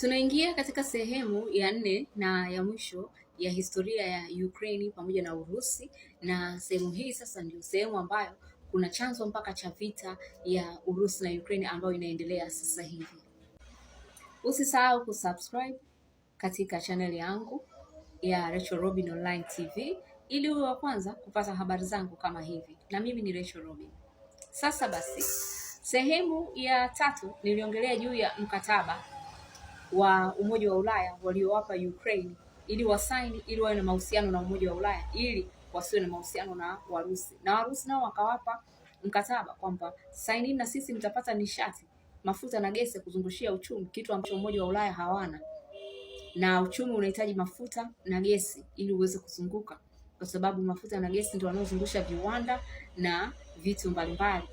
Tunaingia katika sehemu ya nne na ya mwisho ya historia ya Ukraine pamoja na Urusi, na sehemu hii sasa ndio sehemu ambayo kuna chanzo mpaka cha vita ya Urusi na Ukraine ambayo inaendelea sasa hivi. Usisahau kusubscribe katika chaneli yangu ya Rachel Robin Online TV ili uwe wa kwanza kupata habari zangu kama hivi, na mimi ni Rachel Robin. Sasa basi, sehemu ya tatu niliongelea juu ya mkataba wa Umoja wa Ulaya waliowapa Ukraine ili wasaini ili wawe na mahusiano na Umoja wa Ulaya ili wasiwe na mahusiano na Warusi, na Warusi nao wakawapa mkataba kwamba sainini na sisi mtapata nishati, mafuta na gesi ya kuzungushia uchumi, kitu ambacho Umoja wa Ulaya hawana, na uchumi unahitaji mafuta na gesi ili uweze kuzunguka, kwa sababu mafuta na gesi ndio wanaozungusha viwanda na vitu mbalimbali.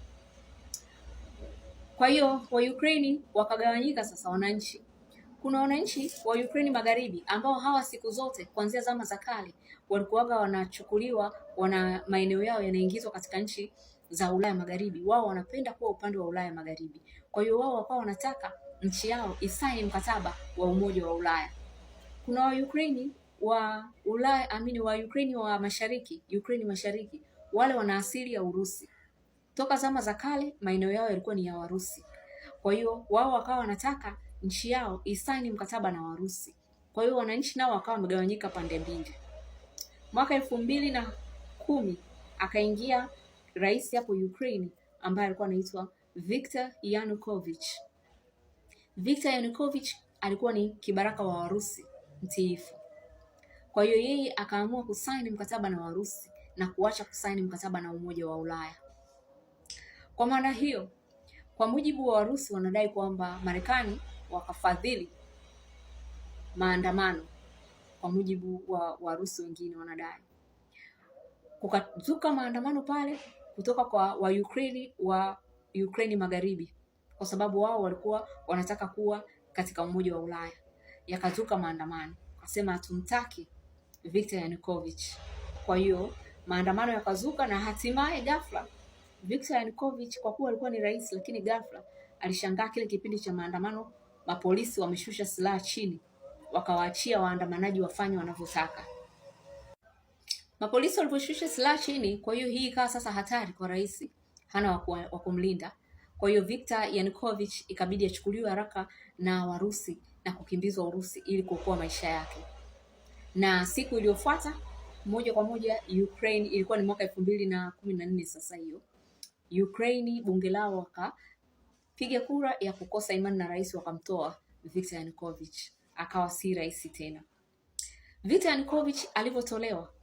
Kwa hiyo wa Ukraine wakagawanyika sasa, wananchi kuna wananchi wa Ukraine Magharibi ambao hawa siku zote kuanzia zama za kale walikuwaga wanachukuliwa, wana maeneo yao yanaingizwa katika nchi za Ulaya Magharibi. Wao wanapenda kuwa upande wa Ulaya Magharibi, kwa hiyo wao wakawa wanataka nchi yao isaini mkataba wa umoja wa Ulaya. Kuna wa Ukraine wa Ulaya amini, wa Ukraine wa mashariki, Ukraine mashariki, wale wana asili ya Urusi toka zama za kale, maeneo yao yalikuwa ni ya Warusi. Kwa hiyo wao wakawa wanataka nchi yao isaini mkataba na Warusi. Kwa hiyo wananchi nao wakawa wamegawanyika pande mbili. Mwaka elfu mbili na kumi akaingia rais hapo Ukraine ambaye alikuwa anaitwa Viktor Yanukovych. Viktor Yanukovych alikuwa ni kibaraka wa Warusi mtiifu. Kwa hiyo yeye akaamua kusaini mkataba na Warusi na kuacha kusaini mkataba na Umoja wa Ulaya. Kwa maana hiyo, kwa mujibu wa Warusi wanadai kwamba Marekani wakafadhili maandamano, kwa mujibu wa warusi wengine wanadai. Kukazuka maandamano pale kutoka kwa Ukraine wa Ukraine Magharibi, kwa sababu wao walikuwa wanataka kuwa katika Umoja wa Ulaya. Yakazuka maandamano, akasema hatumtaki Viktor Yanukovych. Kwa hiyo maandamano yakazuka, na hatimaye ghafla Viktor Yanukovych, kwa kuwa alikuwa ni rais, lakini ghafla alishangaa kile kipindi cha maandamano mapolisi wameshusha silaha chini, wakawaachia waandamanaji wafanye wanavyotaka. Mapolisi waliposhusha silaha chini, kwa hiyo hii ikawa sasa hatari kwa rais, hana wa kumlinda. Kwa hiyo Viktor Yanukovych ikabidi achukuliwe haraka na Warusi na kukimbizwa Urusi ili kuokoa maisha yake. Na siku iliyofuata moja kwa moja Ukraine, ilikuwa ni mwaka elfu mbili na kumi na nne sasa hiyo Ukraine bunge lao piga kura ya kukosa imani na rais wakamtoa Viktor Yanukovych, akawa si rais tena. Viktor Yanukovych alivyotolewa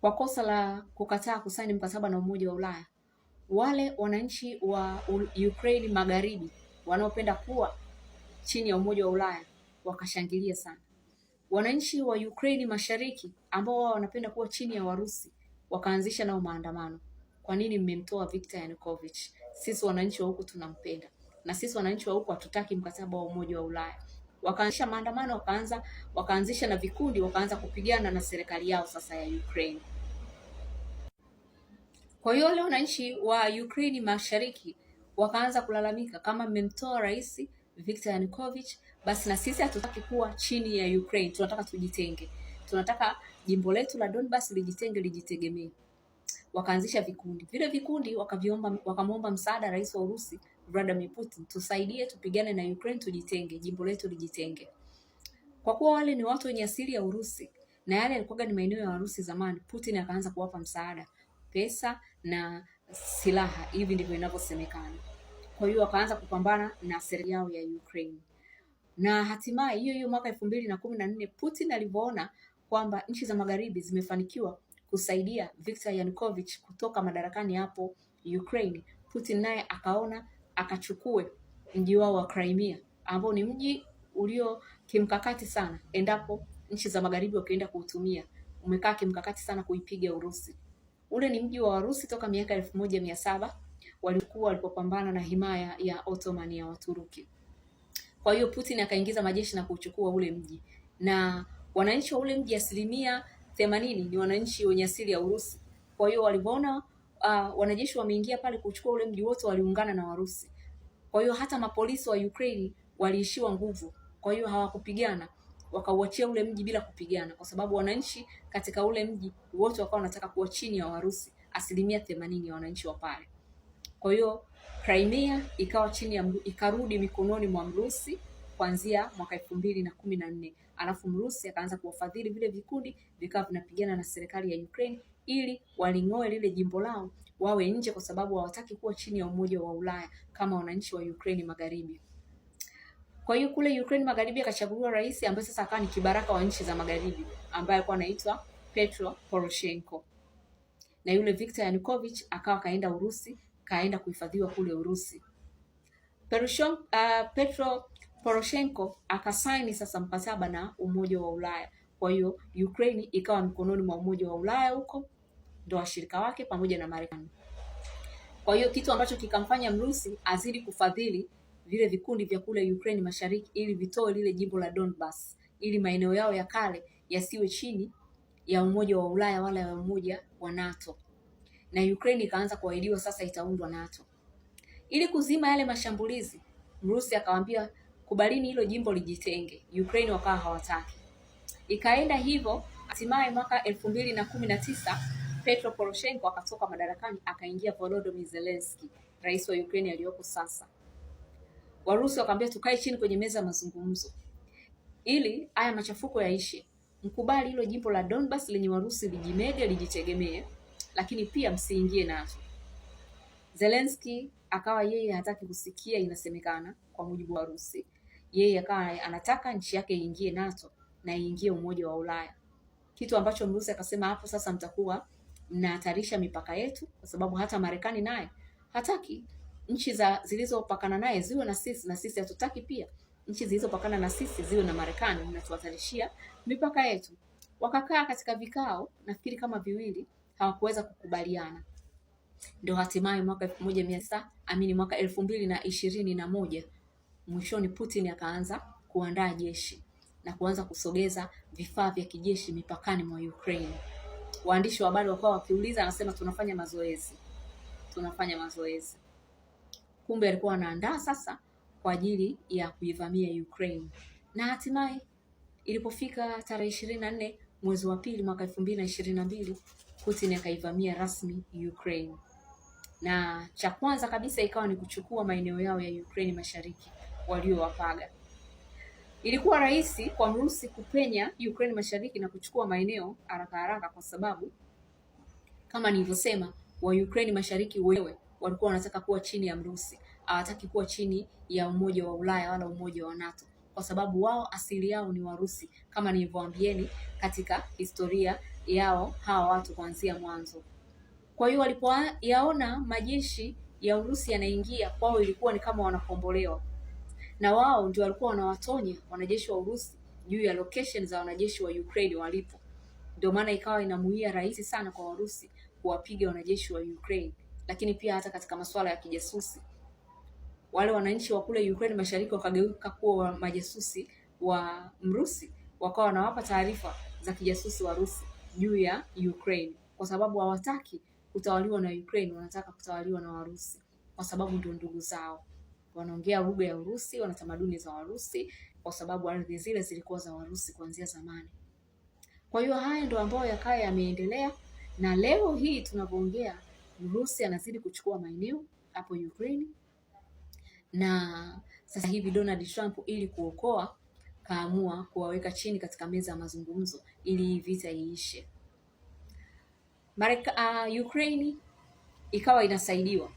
kwa kosa la kukataa kusaini mkataba na Umoja wa Ulaya, wale wananchi wa Ukraine magharibi wanaopenda kuwa chini ya Umoja wa Ulaya wakashangilia sana. Wananchi wa Ukraine mashariki ambao wao wanapenda kuwa chini ya Warusi wakaanzisha nao maandamano, kwa nini mmemtoa Viktor Yanukovych? sisi wananchi wa huku tunampenda, na sisi wananchi wa huku hatutaki mkataba wa Umoja wa Ulaya. Wakaanzisha maandamano, wakaanza wakaanzisha na vikundi, wakaanza kupigana na serikali yao sasa ya Ukraine. Kwa hiyo wale wananchi wa Ukraine mashariki wakaanza kulalamika, kama mmemtoa rais Viktor Yanukovych, basi na sisi hatutaki kuwa chini ya Ukraine, tunataka tujitenge, tunataka jimbo letu la Donbas lijitenge, lijitegemee wakaanzisha vikundi. Vile vikundi wakaviomba, wakamwomba msaada rais wa Urusi Vladimir Putin, tusaidie tupigane na Ukraine, tujitenge, jimbo letu lijitenge. Kwa kuwa wale ni watu wenye asili ya Urusi na yale yalikuwa ni maeneo ya Warusi zamani, Putin akaanza kuwapa msaada, pesa na silaha, hivi ndivyo inavyosemekana. Kwa hiyo wakaanza kupambana na serikali yao ya Ukraine na hatimaye hiyo hiyo mwaka elfu mbili na kumi na nne Putin alivyoona kwamba nchi za magharibi zimefanikiwa kusaidia Viktor Yanukovych kutoka madarakani hapo Ukraine. Putin naye akaona akachukue mji wao wa Crimea ambao ni mji ulio kimkakati sana, endapo nchi za magharibi wakienda kuutumia, umekaa kimkakati sana kuipiga Urusi. Ule ni mji wa Warusi toka miaka elfu moja mia saba walikuwa walipopambana na himaya ya Ottoman ya Waturuki. Kwa hiyo Putin akaingiza majeshi na kuchukua ule mji na wananchi wa ule mji asilimia themanini ni wananchi wenye asili ya Urusi. Kwa hiyo walivyoona uh, wanajeshi wameingia pale kuchukua ule mji wote, waliungana na Warusi. Kwa hiyo hata mapolisi wa Ukraine waliishiwa nguvu, kwa hiyo hawakupigana, wakauachia ule mji bila kupigana, kwa sababu wananchi katika ule mji wote wakawa wanataka kuwa chini ya Warusi, asilimia themanini ya wananchi wa pale. Kwa hiyo Crimea ikawa chini ya, ikarudi mikononi mwa Mrusi kuanzia mwaka elfu mbili na kumi na nne alafu Mrusi akaanza kuwafadhili vile vikundi, vikawa vinapigana na serikali ya Ukraine ili waling'oe lile jimbo lao wawe nje, kwa sababu hawataki kuwa chini ya Umoja wa Ulaya kama wananchi wa Ukraine Magharibi. Kwa hiyo kule Ukraine Magharibi akachaguliwa rais ambaye sasa akawa ni kibaraka wa nchi za Magharibi, ambaye alikuwa anaitwa Petro Poroshenko, na yule Viktor Yanukovych akawa kaenda Urusi, kaenda kuhifadhiwa kule Urusi. Perushon, uh, Petro Poroshenko akasaini sasa mkataba na Umoja wa Ulaya. Kwa hiyo Ukraine ikawa mkononi mwa Umoja wa Ulaya huko, ndo washirika wake pamoja na Marekani. Kwa hiyo kitu ambacho kikamfanya Mrusi azidi kufadhili vile vikundi vya kule Ukraine mashariki ili vitoe lile jimbo la Donbas, ili maeneo yao ya kale yasiwe chini ya Umoja wa Ulaya wala ya Umoja wa NATO, na Ukraine ikaanza kuahidiwa sasa itaundwa NATO. Ili kuzima yale mashambulizi, Mrusi akawaambia kubalini hilo jimbo lijitenge, Ukraine wakawa hawataki. Ikaenda hivyo, hatimaye mwaka elfu mbili na kumi na tisa Petro Poroshenko akatoka madarakani, akaingia Volodymyr Zelensky, rais wa Ukraine aliyoko sasa. Warusi wakamwambia tukae chini kwenye meza ya mazungumzo ili haya machafuko yaishe, mkubali hilo jimbo la Donbas lenye Warusi lijimege, lijitegemee, lakini pia msiingie nazo. Zelensky akawa yeye hataki kusikia, inasemekana kwa mujibu wa Warusi yeye akawa anataka nchi yake iingie NATO na iingie Umoja wa Ulaya, kitu ambacho Mrusi akasema hapo sasa mtakuwa mnahatarisha mipaka yetu, kwa sababu hata Marekani naye hataki nchi za zilizopakana naye ziwe na sisi, na sisi hatutaki pia nchi zilizopakana na sisi ziwe na Marekani, mnatuhatarishia mipaka yetu. Wakakaa katika vikao nafikiri kama viwili, hawakuweza kukubaliana, ndio hatimaye mwaka elfu moja mia tisa amini mwaka elfu mbili na ishirini na moja Mwishoni Putin akaanza kuandaa jeshi na kuanza kusogeza vifaa vya kijeshi mipakani mwa Ukraine. Waandishi wa habari wakawa wakiuliza, anasema tunafanya mazoezi, tunafanya mazoezi. Kumbe alikuwa anaandaa sasa kwa ajili ya kuivamia Ukraine, na hatimaye ilipofika tarehe ishirini na nne mwezi wa pili mwaka elfu mbili na ishirini na mbili Putin akaivamia rasmi Ukraine, na cha kwanza kabisa ikawa ni kuchukua maeneo yao ya Ukraine mashariki waliowapaga. Ilikuwa rahisi kwa Mrusi kupenya Ukraine mashariki na kuchukua maeneo haraka haraka, kwa sababu kama nilivyosema, wa Ukraine mashariki wenyewe walikuwa wanataka kuwa chini ya Mrusi, hawataki kuwa chini ya Umoja wa Ulaya wala Umoja wa NATO kwa sababu wao asili yao ni Warusi, kama nilivyoambieni katika historia yao hawa watu kuanzia mwanzo. Kwa hiyo walipoyaona majeshi ya Urusi yanaingia kwao, ilikuwa ni kama wanakombolewa na wao ndio walikuwa wanawatonya wanajeshi wa Urusi juu ya location za wanajeshi wa Ukraine walipo. Ndio maana ikawa inamuia rahisi sana kwa Warusi kuwapiga wanajeshi wa Ukraine, lakini pia hata katika masuala ya kijasusi wale wananchi wa kule Ukraine mashariki wakageuka kuwa majasusi wa Mrusi, wakawa wanawapa taarifa za kijasusi Warusi juu ya Ukraine, kwa sababu hawataki kutawaliwa na Ukraine, wanataka kutawaliwa na Warusi kwa sababu ndio ndugu zao wanaongea lugha ya Urusi, wana tamaduni za Warusi kwa sababu ardhi zile zilikuwa za Warusi kuanzia zamani. Kwa hiyo haya ndo ambayo yakaya yameendelea, na leo hii tunavyoongea, Urusi anazidi kuchukua maeneo hapo Ukraine, na sasa hivi Donald Trump ili kuokoa kaamua kuwaweka chini katika meza ya mazungumzo ili hii vita iishe. Marekani, uh, ah, Ukraine ikawa inasaidiwa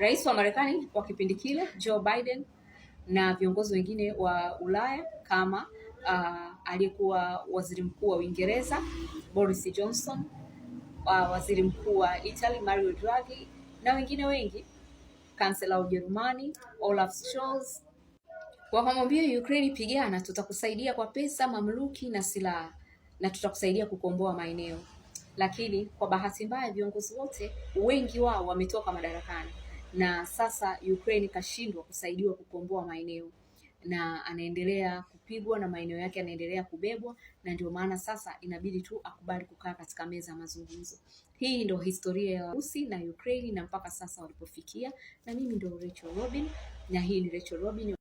Rais wa Marekani wa kipindi kile Joe Biden na viongozi wengine wa Ulaya kama uh, aliyekuwa waziri mkuu wa Uingereza Boris Johnson, uh, waziri mkuu wa Italy Mario Draghi na wengine wengi, kansela wa Ujerumani Olaf Scholz kumwambia Ukraine, pigana, tutakusaidia kwa pesa, mamluki na silaha na tutakusaidia kukomboa maeneo. Lakini kwa bahati mbaya viongozi wote wengi wao wametoka madarakani na sasa Ukraine ikashindwa kusaidiwa kukomboa maeneo na anaendelea kupigwa na maeneo yake yanaendelea kubebwa, na ndio maana sasa inabidi tu akubali kukaa katika meza ya mazungumzo. Hii ndio historia ya Urusi na Ukraine na mpaka sasa walipofikia, na mimi ndio Rachel Robin, na hii ni Rachel Robin.